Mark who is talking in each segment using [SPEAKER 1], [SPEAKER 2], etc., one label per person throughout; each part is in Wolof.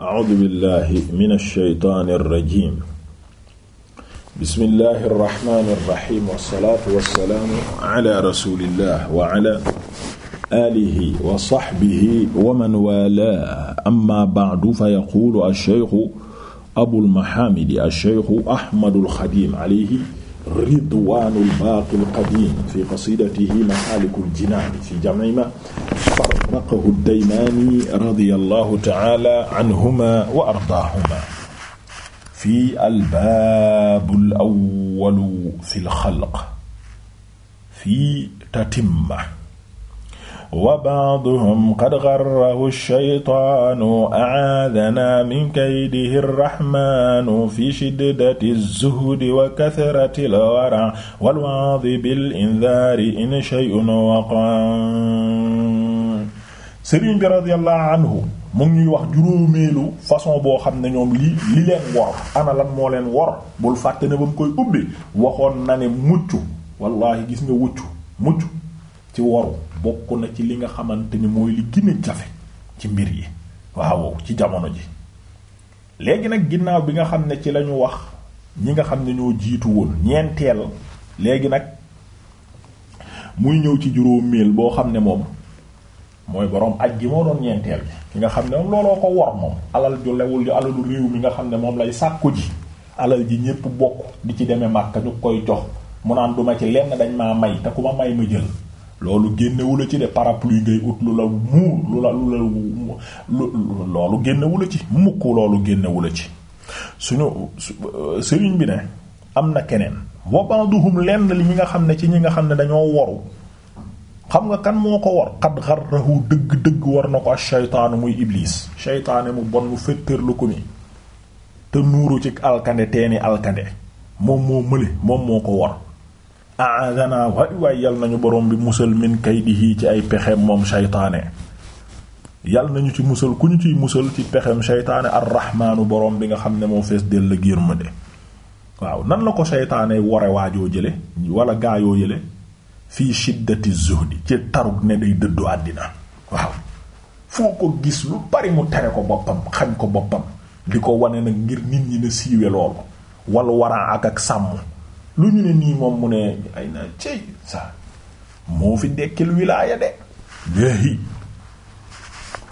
[SPEAKER 1] a'uudu billahi mina shaytaani rajiim bismillahi rahmaani rahiim wassalaatu wassalaamu ala rasuulillah wa ala aalihi wa sahbihi wa man waalaahu amma ba'du fa yaquulu ash-shaykhu abul mahaamidi ash-shaykhu Ahmadul Xadiim alayhi ridwaanul baaqil qadiim fi qasiidatihi masaalikul jinaan fi jam'i ma waafaqahu daymaani radiyallahu ta'ala anhuma wa ardaahuma fi albaabul awwalu fil xalq fi tatimma wa ba'duhum qad gharrahu shaytaanu a'aadanaa min kaydihi rrahmaanu fi shiddati zuhdi wa kathrati l-wara' wal wa'di bil inzaari in shay'un waqa'a sëriñ bi radiyallahu anhu mu ngi ñuy wax juróomeelu façon boo xam ne ñoom li li leen wor ana moo leen wor bul fàtte ne ba mu koy ubbi waxoon na ne mucc wallahi gis nga wucc mucc ci woru bokk na ci li nga xamante ni mooy li gën a jafe ci mbir yi waaw ci jamono ji léegi nag ginnaaw bi nga xam ne ci lañu wax ñi nga xam ne ñoo jiitu woon ñeenteel léegi nag muy ñëw ci juróomeel boo xam ne moom mooy borom aj gi moo doon ñeenteel ki nga xam ne moom looloo ko wor moom alal ju lewul di alalu réew mi nga xam ne moom lay sàkku ji alal ji ñépp bokk di ci demee Makka ñu koy jox mu naan duma ci lenn dañ maa may te ku ma may ma jël loolu génnewula ci de parapluie ngay ut lu la muur lu la lu la loolu génnewula ci mukk loolu génnewula ci suñu euh, sëriñ bi ne am na keneen wa ba'duhum lenn li ñi nga xam ne ci ñi nga xam ne dañoo woru xam nga kan moo ko war xad xarrahu dëgg-dëgg war na ko ak shaytaanu muy iblis shaytaane mu bon mu féttërlu ko mi te nuuru ci alkande teeni alkande moom moo mële moom moo ko war aadana waay waay yal nañu borom bi musal min kaydihi ci ay pexem moom shaytaane yal nañu ci musal ku ñu ciy musal ci pexem shaytaane arrahmaanu borom bi nga xam ne moo fees dell giir ma waaw nan la ko saytaane ware waajoo jële wala gaayoo yële fii shiddati zuhdi ci tarug ne day dëddu àddina waaw foo ko gis lu bari mu tere ko boppam xañ ko boppam di ko wane nag ngir nit ñi ne siiwe loolu wala waraan ak ak sàmm lu ñu ne nii moom mu ne ay na cey sa moo fi dekkil wilaaya de léegi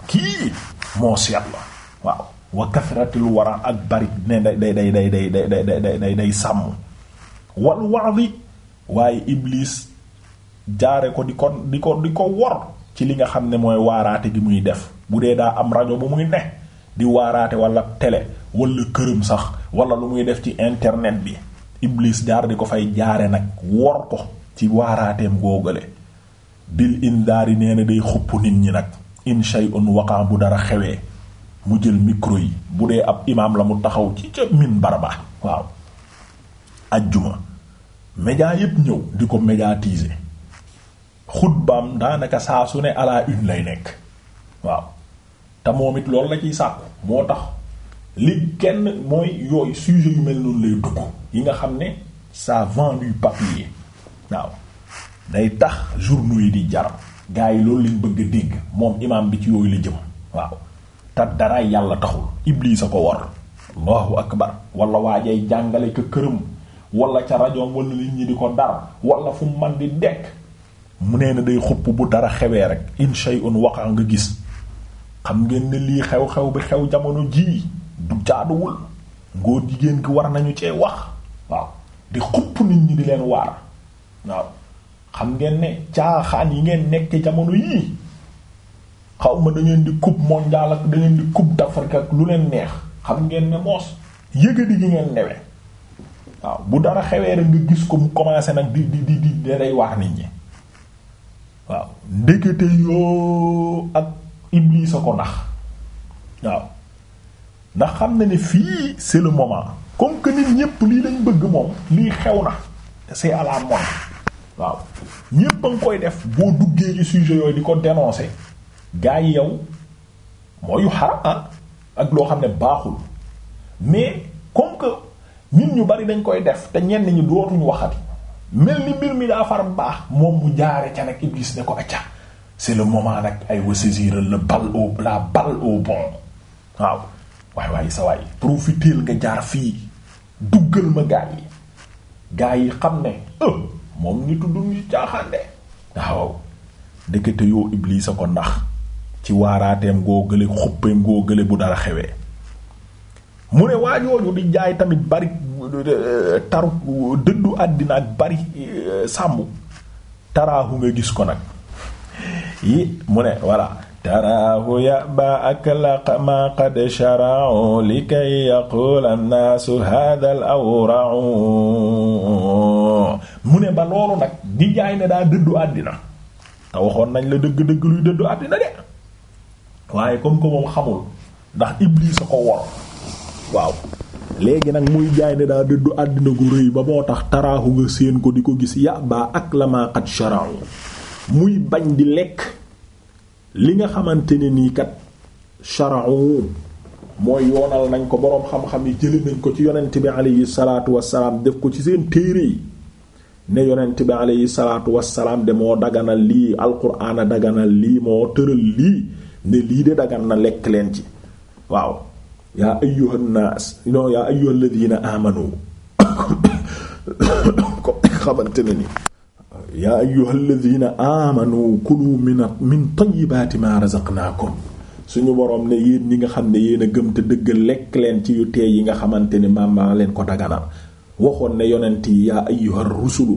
[SPEAKER 1] kii moo seet la waaw wa kathratil wara ak bari ne day day day day day day day day sàmm wal wa'di waaye iblis jaare ko di ko di ko di ko wor ci li nga xam ne mooy waaraate gi muy def bu dee daa am rajo bu muy ne di waaraate wala tele walla këram sax wala lu muy def ci internet bi iblis jaar di ko fay jaare nag wor ko ci waaraateem googale bil indaari nee na day xupp nit ñi nag in shay'un waqa bu dara xewee mu jël micro yi bu dee ab imaam la mu taxaw ci ca min barba waaw ajjuma média yépp ñëw di ko médiatiser xutbaam daanaka saa su ne à une lay nekk waaw te moom it loolu la ciy sàkku moo tax li kenn mooy yooyu sujet yu mel noonu lay dugg yi nga xam ne ça vend du papier waaw day tax journaux yi di jar gars yi loolu lañ bëgg dégg moom imaam bi ci yooyu la jëm waaw te dara yàlla taxul Iblis a ko war allahu akbar wala waajay jàngale ko këram wala ca rajoom wala nit ñi di ko dar wala fu man di dekk mu nee na day xupp bu dara xewee rek in shay'un waqa nga gis xam ngeen ne lii xew-xew bi xew jamono jii du jaaduwul ngóor jigéen gi war nañu cee wax waaw di xupp nit ñi di leen waar waaw xam ngeen ne caaxaan yi ngeen nekk jamono yii xaw ma da ngeen di coupe mondiale ak da ngeen di lu leen neex xam ngeen ne moos yëgadi gi ngeen newee waaw bu dara xewee rek nga gis ko mu commencé nag di di di di day waar nit ñi waaw ndekete yoo ak Iblis a ko nax waaw ndax xam na ne fii c'est le moment comme que nit ñépp lii lañ bëgg moom lii xew na c'est à la waaw ñépp a koy def boo duggee ci sujet yooyu di ko dénoncer gars yi yow mooyu yu xaram ah. ak loo xam ne baaxul mais comme que ñun ñu bari dañ koy def te ñenn ñi dootuñu waxati. mel ni mbir mi daa far baax moom mu jaare ca nag Iblis ne ko acca c'est le moment nag ay wa saisir le balle au la balle au bon waaw waay waay sa waay profiteel nga jaar fii duggal ma gaa yi gaa yi xam ne moom ni tudd ñu caaxaande waaw dëkkate yoo Iblis a ko ndax ci waaraateem goo gële xuppeem goo gële bu dara xewee mu ne waajooju di jaay tamit bari Euh, taru dëddu àddina ak bari euh, sàmm taraahu nga gis ko nag yi mu ne voilà taraahu ya ba aklaqa ma qad shara'u likay yaqula an-naasu hadha al mu ne ba loolu nag di ne daa dëddu àddina te waxoon nañ la dëgg-dëgg luy dëddu àddina de waaye comme que xamul ndax Iblis a ko wor waaw léegi nag muy jaay ne daa dëddu àddina gu rëy ba moo tax taraaxu nga séen ko di ko gis ya ba ak la maa xat shara'u muy bañ di lekk li nga xamante ni nii kat shara'u mooy yoonal nañ ko boroom xam-xam yi jëli nañ ko ci yonent bi aleyhi salaatu wassalaam def ko ci seen téere yi ne yonent bi aleyhi salaatu wassalaam de moo daganal lii alquraan a daganal lii moo tëral lii ne lii de dagan na lekk leen ci waaw yaa ayyuhan naas non yaa ayyuhal ladina amanu ko xamante ne ni yaa amanu kulu min min tayyibati ma razaqnaakum suñu boroom ne yéen ñi nga xam ne yéen a gëm te dëgg lekk leen ci yu teey yi nga xamante ni maam maa leen ko daganal waxoon ne yonent yi yaa ayyuhar rusulu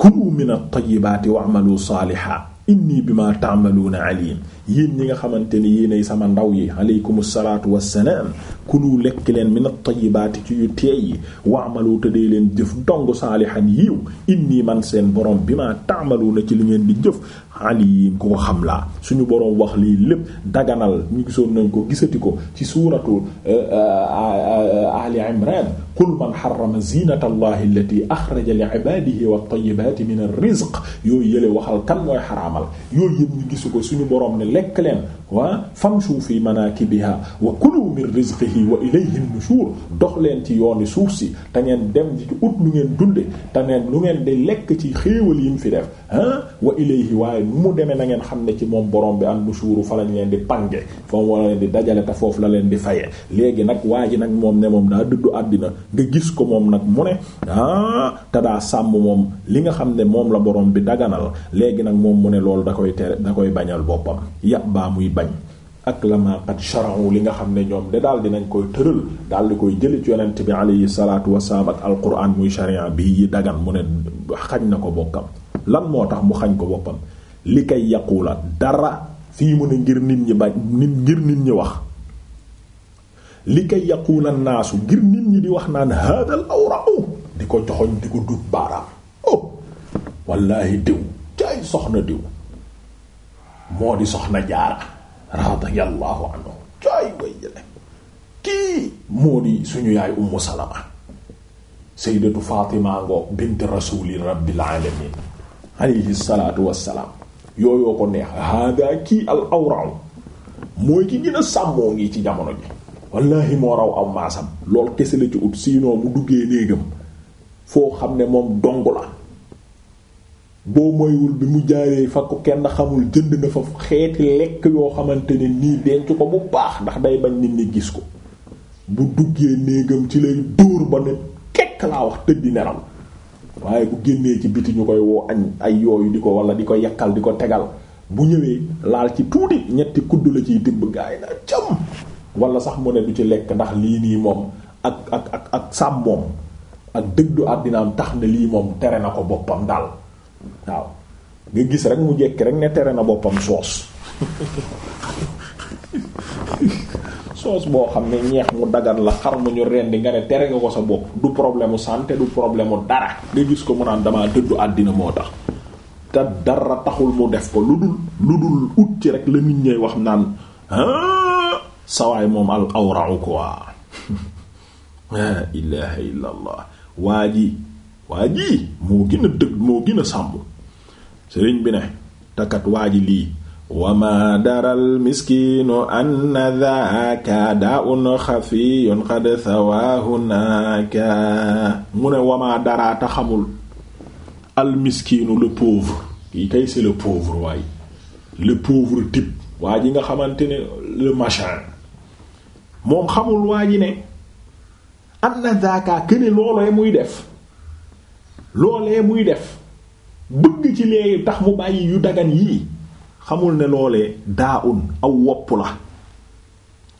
[SPEAKER 1] kulu min at-tayyibaati wa'malu saalihan inni bima ta'maluuna aliim yéen ñi nga xamante ni yéenay sama ndaw yi aleykum salaatu wassalaam kulu lekk leen min at-tayyibaati ci yu teey yi waamalu te day leen jëf dong saalihan yiiw inni man seen borom bi ma taamalu ci li di jëf aliim ku ko xam laa suñu boroom wax lii lépp daganal ñu gisoon nañ ko gisati ko ci suuratu eh, eh, ali imran qul man xarama zinata allahi waxal kan mooy xaraamal yooyu yëpp ñu gisu ko suñu boroom ne lekk leen waa wa famshu fi manakibiha wa kulu min rizqihi wa ilayhi nushur dox leen ci yoon yooni suuf si te ngeen dem ci ut lu ngeen dunde te ngeen lu ngeen di lekk ci xéewal yi mu fi def ah wa ilayhi waaye mu demee na ngeen xam ne ci moom borom bi an nushur fa lañ leen di pange foofu wala leen di dajale te foofu la leen di fayee léegi nag waa ji nag moom ne moom daa dudd àddina nga gis ko moom nag mu ne ah te daa sàmm moom li nga xam ne moom la borom bi daganal léegi nag moom mu ne loolu da koy da koy bañal boppam ya baa muy bañ ak la ma qad li nga xam ne ñoom de daal dinañ koy tëral daal di koy jëli ci yonent bi alayhi salaatu wasalaam ak alquran muy sharia bi yi dagan mu ne xañ na ko bokkam lan moo tax mu xañ ko boppam li kay yaqula dara fii mu ne ngir nit ñi bañ nit ngir nit ñi wax li kay yaqula naasu ngir nit ñi di wax naan hadal awra'u di ko joxoñ di ko dut baaraam oh diw jaay soxna diw moo di soxna jaara radiyallahu anhu coy way jële kii moo di suñu yaay ummu salama sayyidatu fatima ngo bint rasuli rabbil alamin alayhi salatu yooyoo ko neex hada kii al awra mooy ki gën sàmmoo ngi ci jamono ji wallahi moo raw aw maasam lool kese la ci ut siinoo mu duggee néegam foo xam ne moom dong la boo moywul bi mu jaaree fa kenn xamul jënd na fa xeeti lekk yoo xamante ne nii denc ko bu baax ndax day bañ nit ñi gis ko bu duggee néegam ci lay dóor ba ne kekk laa wax tëddi nelaw waaye bu génnee ci biti ñu koy woo añ ay yooyu di ko wala di ko yakkal di ko tegal bu ñëwee laal ci tuuti ñetti kudd la ciy tibb gaay na cam wala sax mu ne du ci lekk ndax lii nii moom ak ak ak ak sàmmoom ak dëgdu àddinaam tax na lii moom tere na ko boppam daal waaw nga gis rek mu jekki rek ne tere na boppam soos soos boo xam ne ñeex mu dagan la xar mu ñu rendi nga ne tere nga ko sa bopp du problème santé du problème dara nga gis ko mu naan damaa dëddu àddina moo tax te dara taxul mu def ko lu dul lu dul ut ci rek la nit ñay wax naan ah, sawaay moom al awra'u quoi la ilaha illa allah waa ji waa jii moo gën a moo gën sàmbu sëriñ bi ne takat waa ji lii wama daral miskinu anna daaka daa un xafiyun qad sawaahu mu ne wama daraata xamul al miskinu le pauvre kii kay c'est le pauvre waaye le pauvre type waa ji nga xamante ne le machin moom xamul waa ji ne anna daaka këne muy def loole muy def bëgg ci lee tax mu bàyyi yu dagan yii xamul ne loole daa un aw wopp la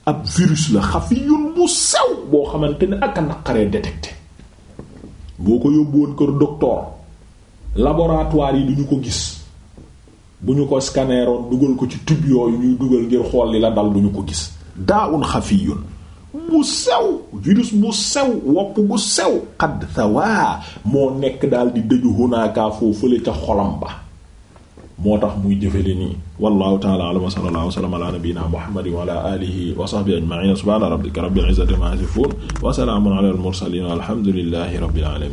[SPEAKER 1] ab virus la xafiyun bu sew boo xamante ne ak a naqaree détecté boo ko yóbbu kër docteur laboratoire yi ñu ko gis bu ñu ko scanneroon dugal ko ci tube yooyu yuy dugal ngir xool li la dal duñu ko gis daa un xafiyun bu sew virus bu sew wopp bu sew xadd sawa moo nekk daal di dëju hunaaka foofule ca xolam ba moo tax muy jëfale nii wallahu ta'ala a'lam wa sallallahu wa sallam ala nabiyyina muhammadin wa ala alihi wa sahbihi ajma'in subhana rabbika rabbil izzati amma yasifun wa salamun ala al mursalin walhamdulillahi rabbil alamin